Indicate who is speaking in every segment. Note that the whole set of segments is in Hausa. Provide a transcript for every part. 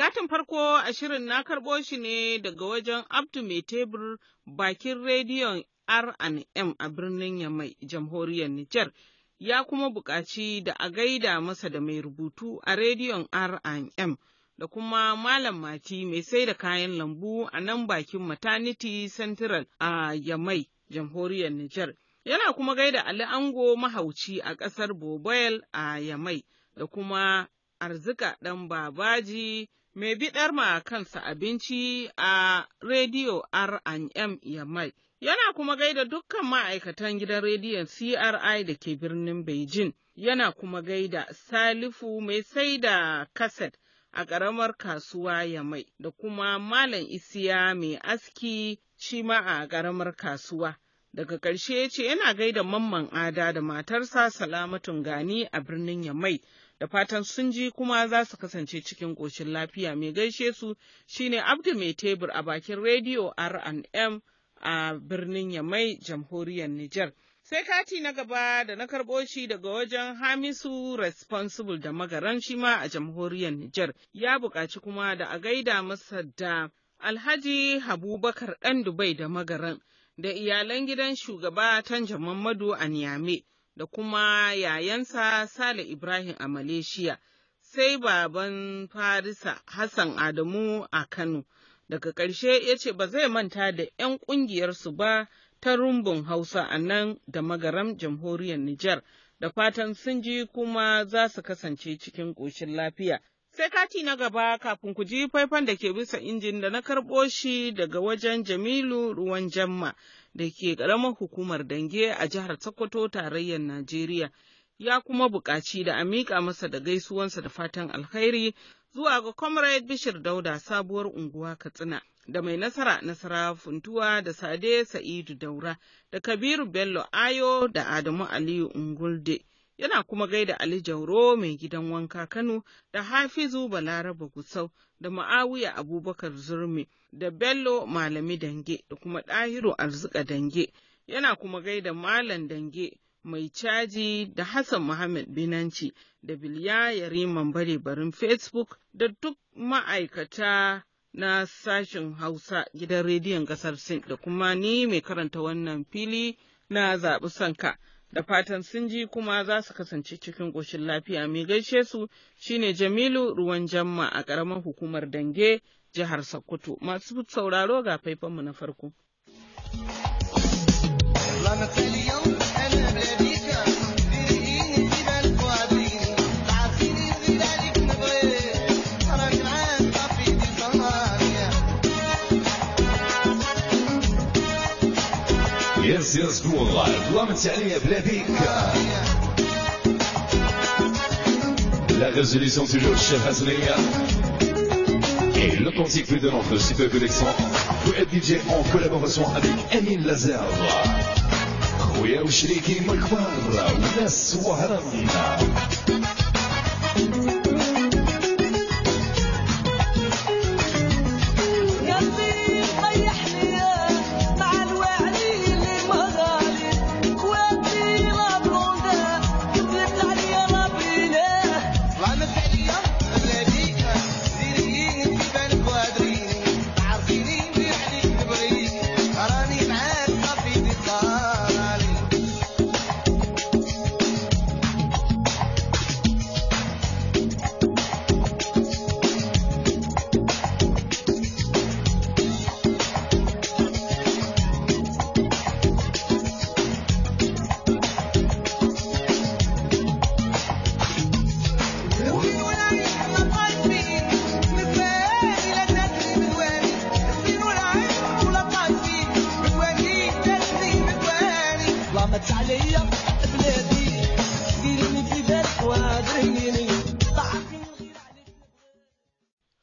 Speaker 1: Katin farko a shirin na karɓo shi ne daga wajen Abdu Mai bakin rediyon R&M a birnin Yamai, jamhuriyar Nijar. Ya kuma buƙaci da a gaida masa da mai rubutu a rediyon R&M da kuma Malam Mati mai sai da kayan lambu a nan bakin Maternity Central a Yamai, jamhuriyar Nijar. Yana kuma gaida Ali Ango mahauci a ƙasar Boboyel a Yamai da kuma arzika ɗan babaji mai biɗar ma kansa abinci a rediyo R&M Yamai. Yana kuma gaida dukkan ma'aikatan gidan rediyon CRI da ke birnin Beijing, yana kuma gaida Salifu mai sai da kaset a ƙaramar kasuwa ya mai da kuma Malam Isiya mai aski shi ma a ƙaramar kasuwa. Daga ƙarshe ya ce yana gaida mamman ada da matarsa salamatun gani a birnin ya mai. da fatan sun ji kuma za su kasance cikin ƙoshin lafiya mai gaishe su shine abdu mai tebur a bakin rediyo r&m a birnin yamai jamhuriyar Nijar. sai kati na gaba da na karɓo shi daga wajen hamisu responsible da magaran shi ma a jamhuriyar Nijar ya buƙaci kuma da a gaida masa da alhaji habubakar ɗan dubai da magaran da iyalan gidan shugaba tanjan Jamammadu a niyame da kuma yayansa Sale Ibrahim a Malaysia, sai baban Farisa Hassan Adamu a Kano. Daga ƙarshe ya ce ba zai manta da 'yan ƙungiyarsu ba ta rumbun Hausa a nan da magaram jamhuriyar Nijar, da fatan sun ji kuma za su kasance cikin ƙoshin lafiya. Sai kati na gaba kafin ku ji faifan da ke bisa injin da na karɓo shi daga wajen Jamilu Ruwan Jamma. da ke ƙaramar hukumar Dange a jihar Sokoto tarayyar Najeriya. Ya kuma buƙaci da a miƙa masa da gaisuwansa da fatan alkhairi zuwa ga Comrade Bishir Dauda sabuwar unguwa Katsina da mai nasara nasara funtuwa da Sade Sa'idu Daura da Kabiru Bello Ayo da Adamu Aliyu Ungulde. yana kuma gaida Ali Jauro mai gidan wanka Kano da Hafizu Balaraba Gusau da Ma'awiya Abubakar Zurmi da Bello Malami Dange da kuma Ɗahiru Arzika Dange yana kuma gaida Malam Dange mai caji da Hassan Muhammad Binanci da Bilya Yariman Bare Barin Facebook da duk ma'aikata na sashen Hausa gidan rediyon ƙasar Sin da kuma ni mai karanta wannan fili na zaɓi sanka. da fatan sun ji kuma za su kasance cikin ƙoshin lafiya mai gaishe su shine jamilu ruwan jamma a ƙaramar hukumar dange jihar sokoto masu sauraro ga faifanmu na farko.
Speaker 2: سيرس دوغ الله من تعليا بلا بيك La résolution toujours chef Hasleya Et l'authentique plus de l'entre Super Collection Web DJ en collaboration avec Emile Lazar خويا وشريكي من الكبار وناس وهران غابت عليا بلادي ديريني في وادريني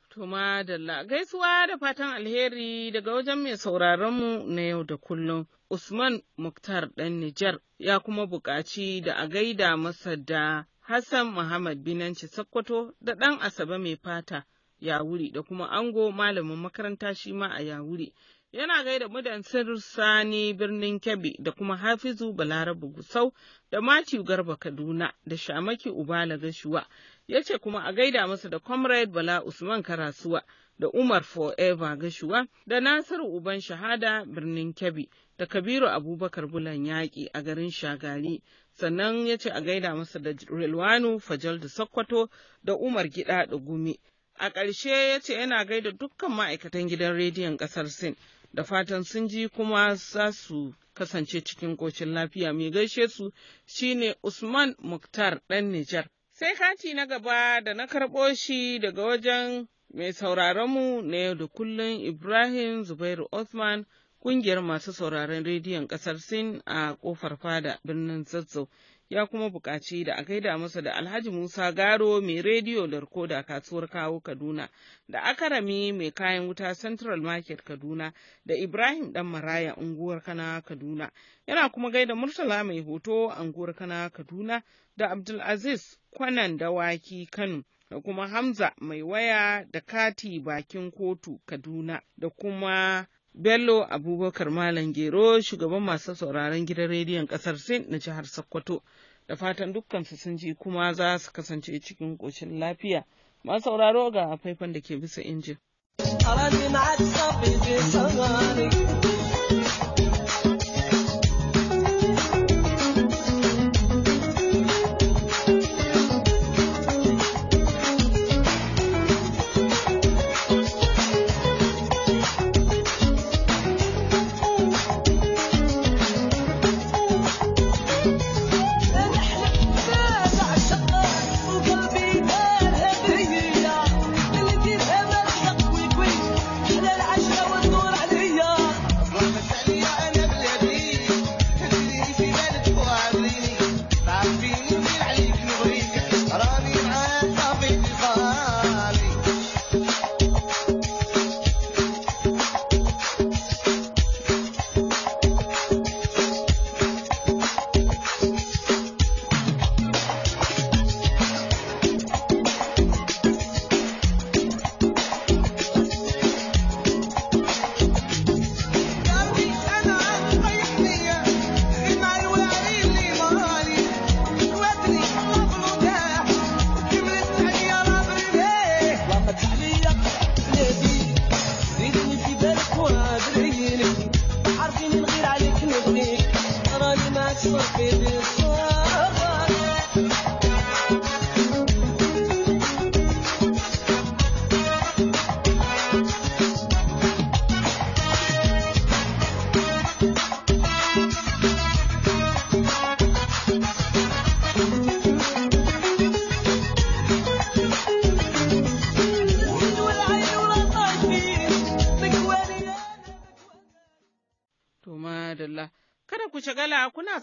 Speaker 1: Tuma da gaisuwa da fatan alheri daga wajen mai sauraronmu na yau da kullum. Usman Muktar ɗan Nijar ya kuma buƙaci da a gaida masa da Hassan Muhammad Binanci Sokoto da ɗan Asabe mai fata Yawuri da kuma ango malamin makaranta shi ma a Yawuri yana gaida mudan Sani birnin Kebbi da kuma Hafizu Balarabu Gusau da Matiu Garba Kaduna da Shamaki Ubala Gashuwa. Ya ce kuma a gaida masa da Comrade Bala Usman Karasuwa da Umar Forever Gashuwa da Nasiru Uban Shahada birnin Kebbi da Kabiru Abubakar Bulan Yaƙi a garin Shagari. Sannan ya ce a gaida masa da Rilwanu Fajal da Sokoto da Umar Gida da Gumi. A ƙarshe ya ce yana gaida dukkan ma'aikatan gidan rediyon ƙasar Sin. da fatan sun ji kuma za su kasance cikin ƙoshin lafiya mai gaishe su shine Usman Muktar ɗan Nijar. Sai kati na gaba da na karɓo shi daga wajen mai sauraronmu na yau da kullun Ibrahim Zubairu Othman ƙungiyar masu sauraron rediyon ƙasar Sin a ƙofar fada birnin Zazzau. ya kuma buƙaci da a gaida masa da Alhaji Musa Garo mai rediyo da rikoda kasuwar kawo Kaduna da Akarami mai kayan wuta Central Market Kaduna da Ibrahim Dan Maraya unguwar Kana Kaduna yana kuma gaida Murtala mai hoto unguwar Kana Kaduna da Abdulaziz Kwanan Dawaki Kano. da kuma Hamza mai waya da kati bakin kotu Kaduna da kuma Bello Abubakar Malam Gero shugaban masu sauraron gidan rediyon ƙasar Sin na jihar Sokoto. Da fatan dukkansu sun ji kuma za su kasance cikin ƙoshin lafiya. Masu sauraro ga faifan da ke bisa injin.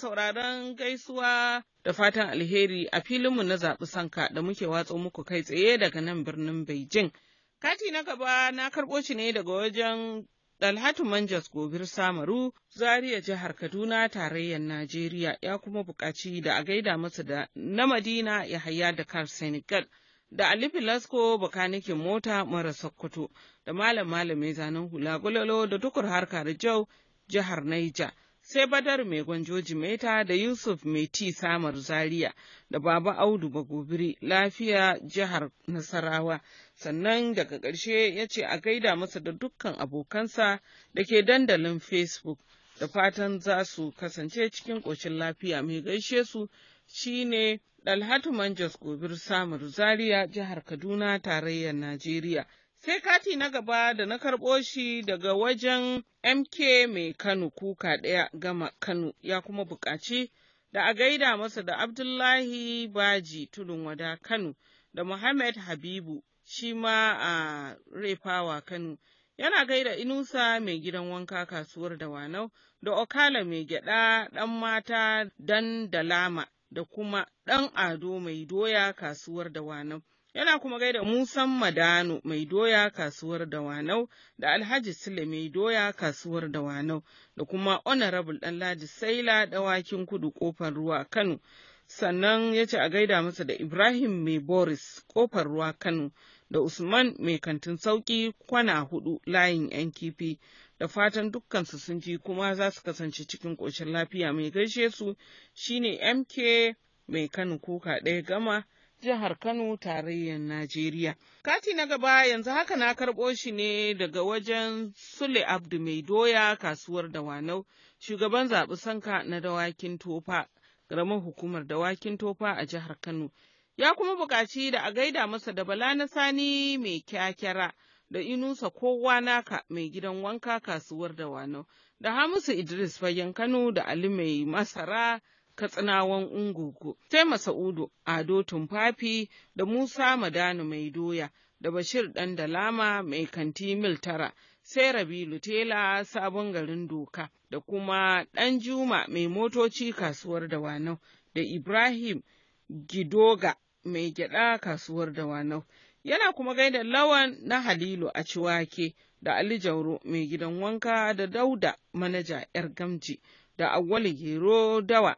Speaker 1: sauraron gaisuwa da fatan alheri a filinmu na zaɓi sanka da muke watsa muku kai tsaye daga nan birnin Beijing. Kati na gaba na karɓo shi ne daga wajen Dalhatu Manjas Gobir Samaru, Zaria jihar Kaduna tarayyar Najeriya ya kuma buƙaci da a gaida masa da na Madina ya haya da kar Senegal. da Ali Filasko bakanikin mota mara Sokoto da malam malamai zanen hula gulalo da tukur harka da jau jihar Naija sai Badar mai gwanjoji meta da Yusuf mai samar Zaria da Baba Audu ba Bagobiri lafiya jihar Nasarawa. Sannan daga ƙarshe ya ce a gaida masa da dukkan abokansa da ke dandalin Facebook da fatan za su kasance cikin ƙoshin lafiya mai gaishe su shine Dalhatu Manjas Gobir Samar Zaria jihar Kaduna tarayyar Najeriya. Sai kati na gaba da na karɓo shi daga wajen MK mai Kano kuka ɗaya gama Kano ya kuma buƙaci da a gaida masa da Abdullahi Baji Tudun Wada Kano da Muhammad Habibu shi ma a Refawa Kano. Yana gaida Inusa mai gidan wanka kasuwar da Wanau da Okala mai gyaɗa ɗan mata dan Dalama da kuma ɗan ado mai doya kasuwar da Wanau. yana kuma gaida Musan Madano mai doya kasuwar Dawanau da Alhaji Sule mai doya kasuwar Dawanau da kuma Honorable Ɗanladi Saila dawakin kudu kofar ruwa Kano. Sannan ya ce a gaida masa da Ibrahim mai Boris kofar ruwa Kano da Usman mai kantin sauki kwana hudu layin 'yan kifi. Da fatan dukkansu sun ji kuma za su kasance cikin ƙoshin lafiya mai gaishe su shine MK mai Kano kuka ɗaya gama. jihar Kano tarayyar Najeriya. Kati na gaba yanzu haka na karɓo shi ne daga wajen Sule Abdu Mai Doya kasuwar Dawanau, shugaban zaɓi sanka na dawakin tofa, ƙaramin hukumar dawakin tofa a jihar Kano. Ya kuma buƙaci da a gaida masa da Bala na Sani mai kyakyara. da Inusa kowa naka mai gidan wanka kasuwar da wano, da Hamisu Idris fagen Kano da Ali mai masara Katsinawan Ungugu, sai Masa'udu Ado Tumfafi da Musa Madanu Mai Doya da Bashir Ɗan Dalama Mai Kanti Mil Tara, sai Rabilu Tela Sabon Garin Doka da kuma Ɗan Juma Mai Motoci Kasuwar Dawanau da Ibrahim Gidoga Mai Gyaɗa Kasuwar Dawanau. Yana kuma gaida lawan na Halilu a Ciwake da Ali Jauro Mai Gidan Wanka da Dauda Manaja 'yar Gamji. da Awwali Gero Dawa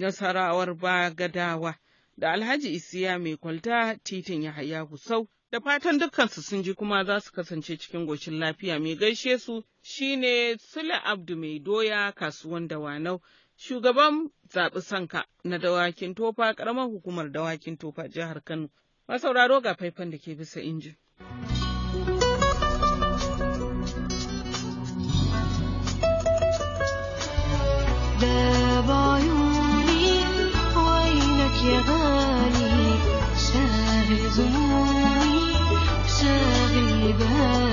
Speaker 1: nasarawar bagadawa da alhaji isiya mai kwalta titin yahaya gusau da fatan dukkansu sun ji kuma za su kasance cikin goshin lafiya mai gaishe su shine sule abdu mai doya kasuwan dawanau shugaban zaɓi sanka na dawakin tofa karamar hukumar dawakin tofa jihar kano masauraro ga faifan da ke bisa injin. 歌。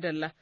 Speaker 1: madalla.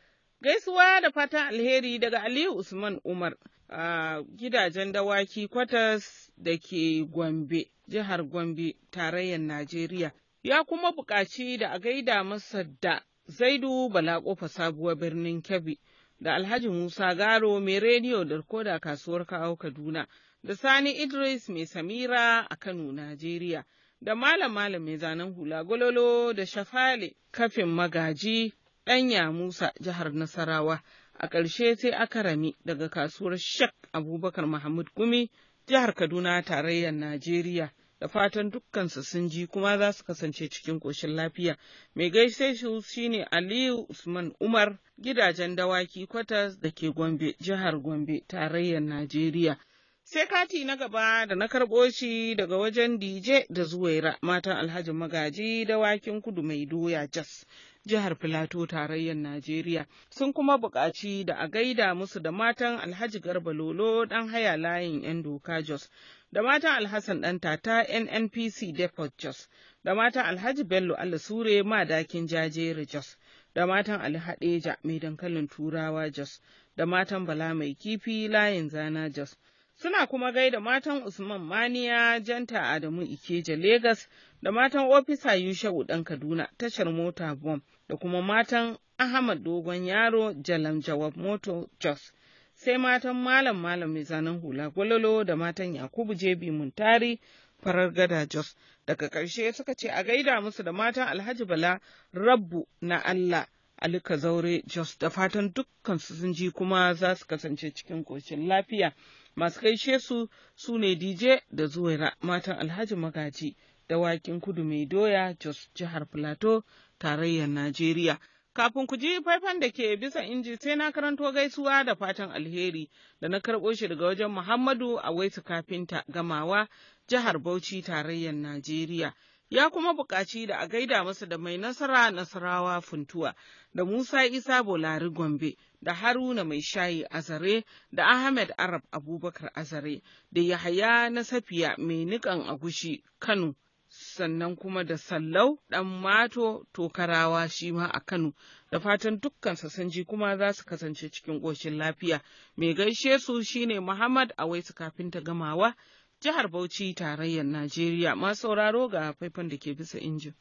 Speaker 1: Gaisuwa da fatan alheri daga Aliyu Usman Umar a gidajen dawaki kwatas da ke Gombe, jihar Gombe, tarayyar Najeriya. Ya kuma buƙaci da a gaida masa da Zaidu Bala ƙofa sabuwar birnin Kebbi da Alhaji Musa Garo mai rediyo da koda kasuwar kawo Kaduna da Sani Idris mai Samira a Kano, Najeriya. da malam malam mai zanen hula gololo da shafale kafin magaji ɗanya Musa jihar Nasarawa. A ƙarshe sai aka rami daga kasuwar Shek Abubakar Mahmud Gumi jihar Kaduna tarayyar Najeriya. Da fatan dukkansu sun ji kuma za su kasance cikin ƙoshin lafiya. Mai gaishe shi shine Aliyu Usman Umar gidajen dawaki kwatas da ke Gombe jihar Gombe tarayyar Najeriya. sai kati na gaba da na karɓo shi daga wajen DJ da Zuwaira matan Alhaji Magaji da wakin kudu mai doya jas. jihar Filato tarayyar Najeriya sun kuma buƙaci da a gaida musu da matan Alhaji Garba Lolo ɗan haya layin 'yan doka Jos, da matan Alhassan ɗan tata NNPC Depot Jos, da matan Alhaji Bello Alasure madakin jajere Jos, da matan Ali Hadeja mai dankalin Turawa Jos, da matan Bala mai kifi layin zana Jos. Suna kuma gaida matan Usman Maniya Janta Adamu Ikeja Legas da matan Ofisa Yushau ɗan Kaduna tashar mota bom da kuma matan Ahmad Dogon Yaro Jalam Jawab Moto Jos. Sai matan Malam Malam mai zanen hula gwalolo da matan Yakubu Jebi Muntari farar gada Jos. Daga ƙarshe suka ce a gaida musu da matan Alhaji Bala Rabbu na Allah. Alika Zaure Jos da fatan dukkan su sun ji kuma za su kasance cikin ƙoshin lafiya. masu gaishe su su ne DJ da zuwaira matan Alhaji Magaji da wakin kudu mai doya Jos jihar Filato tarayyar Najeriya. Kafin ku ji faifan da ke bisa inji sai na karanto gaisuwa da fatan alheri da na karɓo shi daga wajen Muhammadu a waisu kafinta gamawa jihar Bauchi tarayyar Najeriya. ya kuma buƙaci da a gaida masa da mai nasara nasarawa funtuwa da Musa Isa Bolari Gombe da Haruna mai shayi Azare da Ahmed Arab Abubakar Azare da Yahaya na Safiya mai niƙan agushi Kano sannan kuma da Sallau ɗan Mato Tokarawa shi ma a Kano da fatan dukkan Sassanji kuma za su kasance cikin ƙoshin lafiya mai gaishe su shine Muhammad a su kafin ta gamawa. jihar Bauchi tarayyar Najeriya. Masu sauraro ga faifan da ke bisa injin.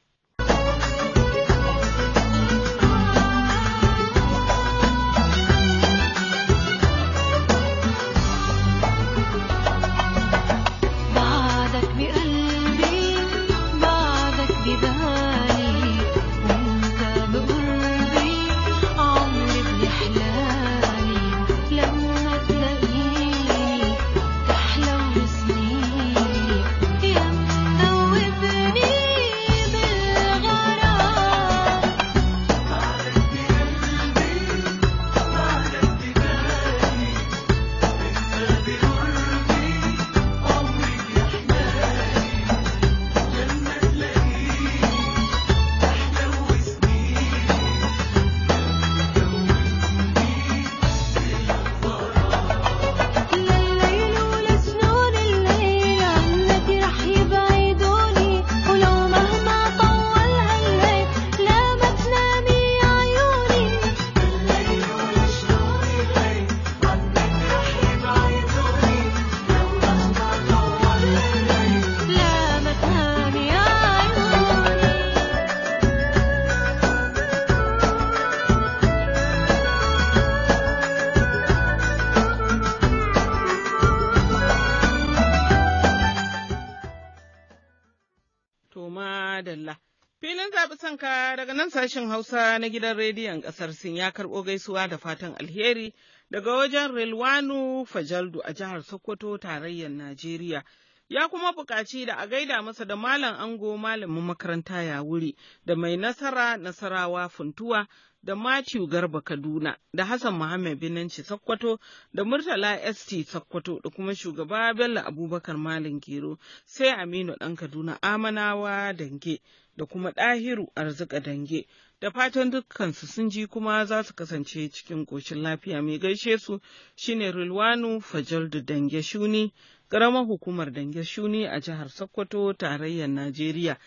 Speaker 1: sanka daga nan sashen Hausa na gidan rediyon ƙasar Sin ya karɓo gaisuwa da fatan alheri daga wajen Rilwanu Fajaldu a jihar Sokoto tarayyar Najeriya. Ya kuma buƙaci da a gaida masa da Malam Ango Malamin makaranta ya wuri da mai nasara Nasarawa Funtuwa da Matthew Garba Kaduna da Hassan Muhammad Binanci Sakkwato da Murtala ST Sakkwato da kuma shugaba Bello Abubakar Malam Gero sai Aminu ɗan Kaduna Amanawa Dange da kuma Ɗahiru Arzika Dange. Da fatan dukkansu sun ji kuma za su kasance cikin ƙoshin lafiya mai gaishe su shine Rilwanu Fajaldu Dange Shuni, karamar hukumar Dange Shuni a jihar Sokoto tarayyar Najeriya.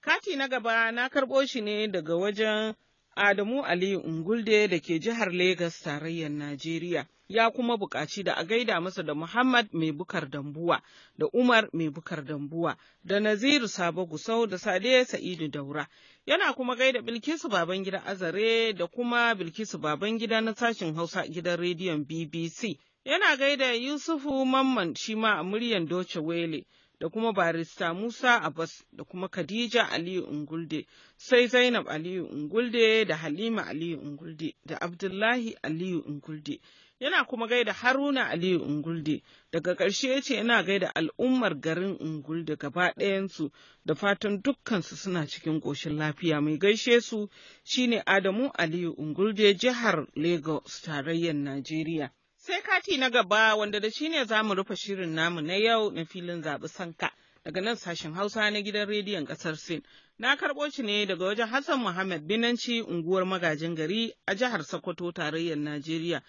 Speaker 1: Kati na gaba na karɓo shi ne daga wajen Adamu Aliyu Ungulde da ke jihar Legas tarayyar Najeriya. ya kuma buƙaci da a gaida masa da Muhammad mai bukar dambuwa da Umar mai bukar dambuwa da Naziru Sabo Gusau da Sade Sa'idu Daura. Yana kuma gaida Bilkisu Babangida Azare da kuma Bilkisu Babangida na sashin Hausa gidan rediyon BBC. Yana gaida Yusufu Mamman shima a muryan Doce Wele. da kuma barista Musa Abbas da kuma Khadija Aliyu Ungulde sai Zainab Aliyu Ungulde da Halima Aliyu Ungulde da Abdullahi Aliyu Ungulde. Yana kuma gaida Haruna Aliyu Ungulde daga ƙarshe ya ce yana gaida al'ummar garin Ungulde gaba ɗayansu da fatan dukkansu suna cikin ƙoshin lafiya mai gaishe su shine Adamu Aliyu Ungulde jihar Lagos tarayyar Najeriya. Sai kati na gaba wanda da shi ne za mu rufe shirin namu na yau na filin zaɓi sanka daga nan sashen Hausa na gidan rediyon ƙasar Sin. Na karɓo shi ne daga wajen Hassan Muhammad Binanci unguwar magajin gari a jihar Sokoto tarayyar Najeriya.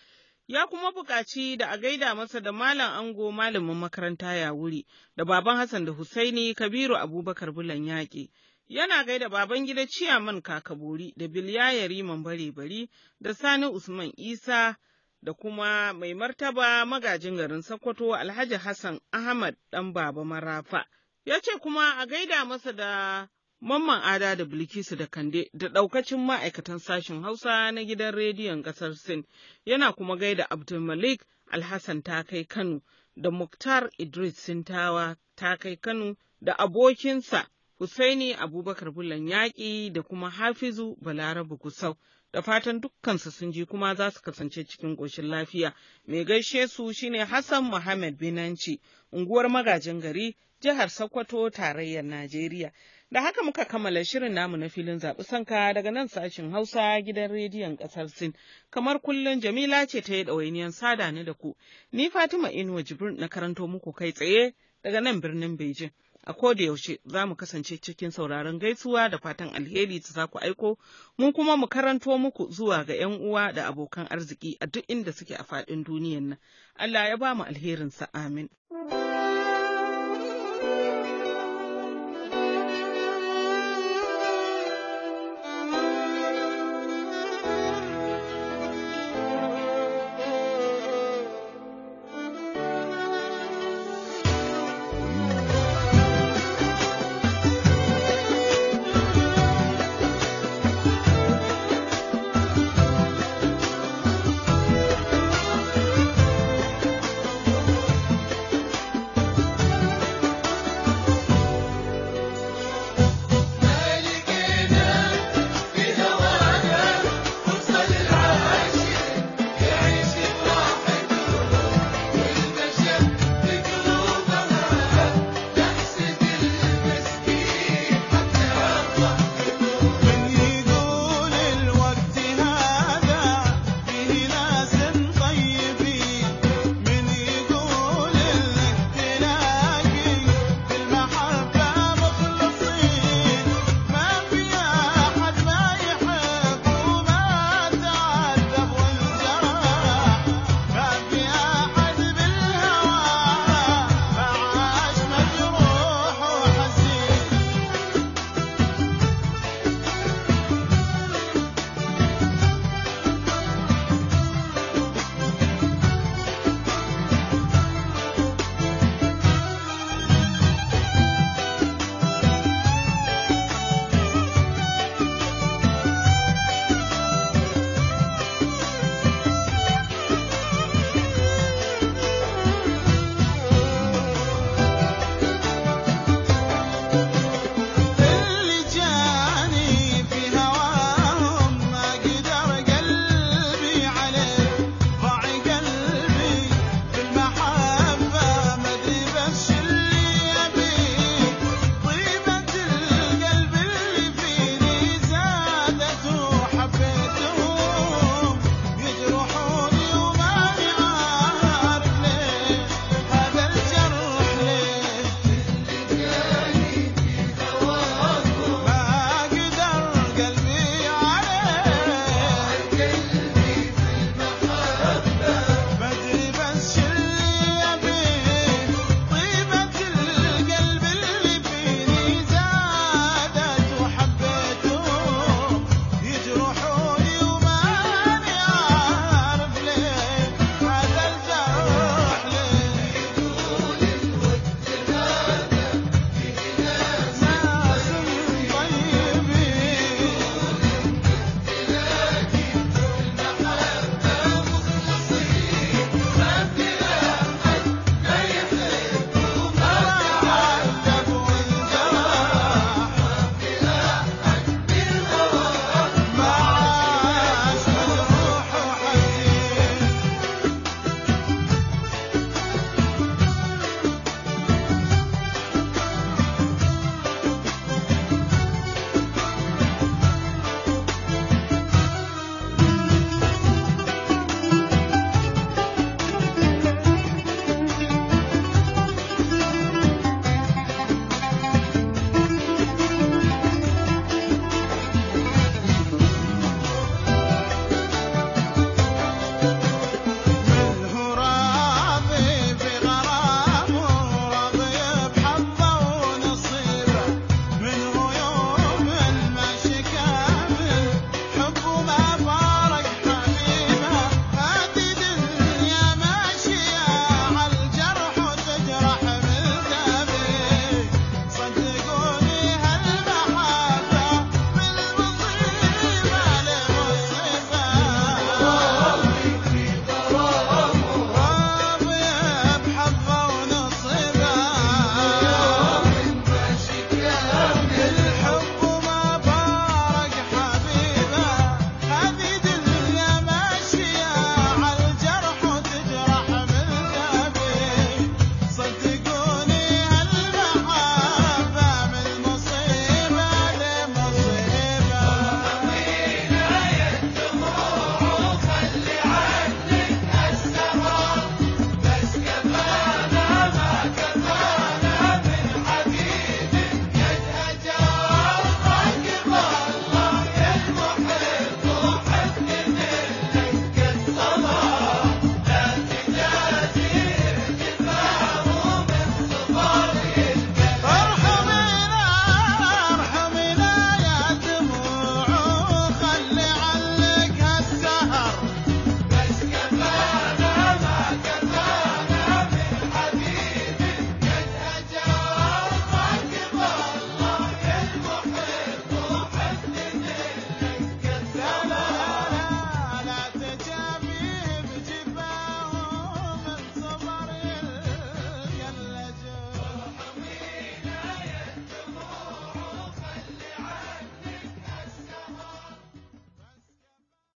Speaker 1: ya kuma buƙaci da a gaida masa da Malam Ango malamin makaranta ya wuri da baban Hassan da Husaini Kabiru Abubakar Bulan yaƙi. Yana gaida baban gida Ciyaman Kakabori da Bilya, bare Bari da Sani Usman Isa da kuma mai martaba magajin garin Sokoto Alhaji Hassan Ahmad ɗan Baba Marafa. Ya ce kuma a gaida masa da Mamman Ada da Bilkisu da Kande da ɗaukacin ma'aikatan sashen Hausa na gidan rediyon ƙasar Sin, yana kuma gaida Abdulmalik Alhassan ta kai Kano da Muktar Idris Sintawa ta kai Kano da abokinsa Hussaini Abubakar Bulan Yaƙi da kuma Hafizu Balarabu Kusau. da fatan dukkansu sun ji kuma za su kasance cikin ƙoshin lafiya. Mai gaishe su shine Hassan Muhammad Binanci, unguwar magajin gari, jihar Sokoto, tarayyar Najeriya. Da haka muka kammala shirin namu na filin zaɓi sanka daga nan sashin Hausa gidan rediyon ƙasar Sin. Kamar kullum Jamila ce ta yi ɗawainiyar sada ni da ku. Ni Fatima Inuwa Jibrin na karanto muku kai tsaye daga nan birnin Bejin. A koda yaushe za mu kasance cikin sauraron gaisuwa da fatan alheri ta za ku aiko, mu kuma mu karanto muku zuwa ga 'yan uwa da abokan arziki a duk inda suke a faɗin duniyan nan. Allah ya ba mu alherinsa amin.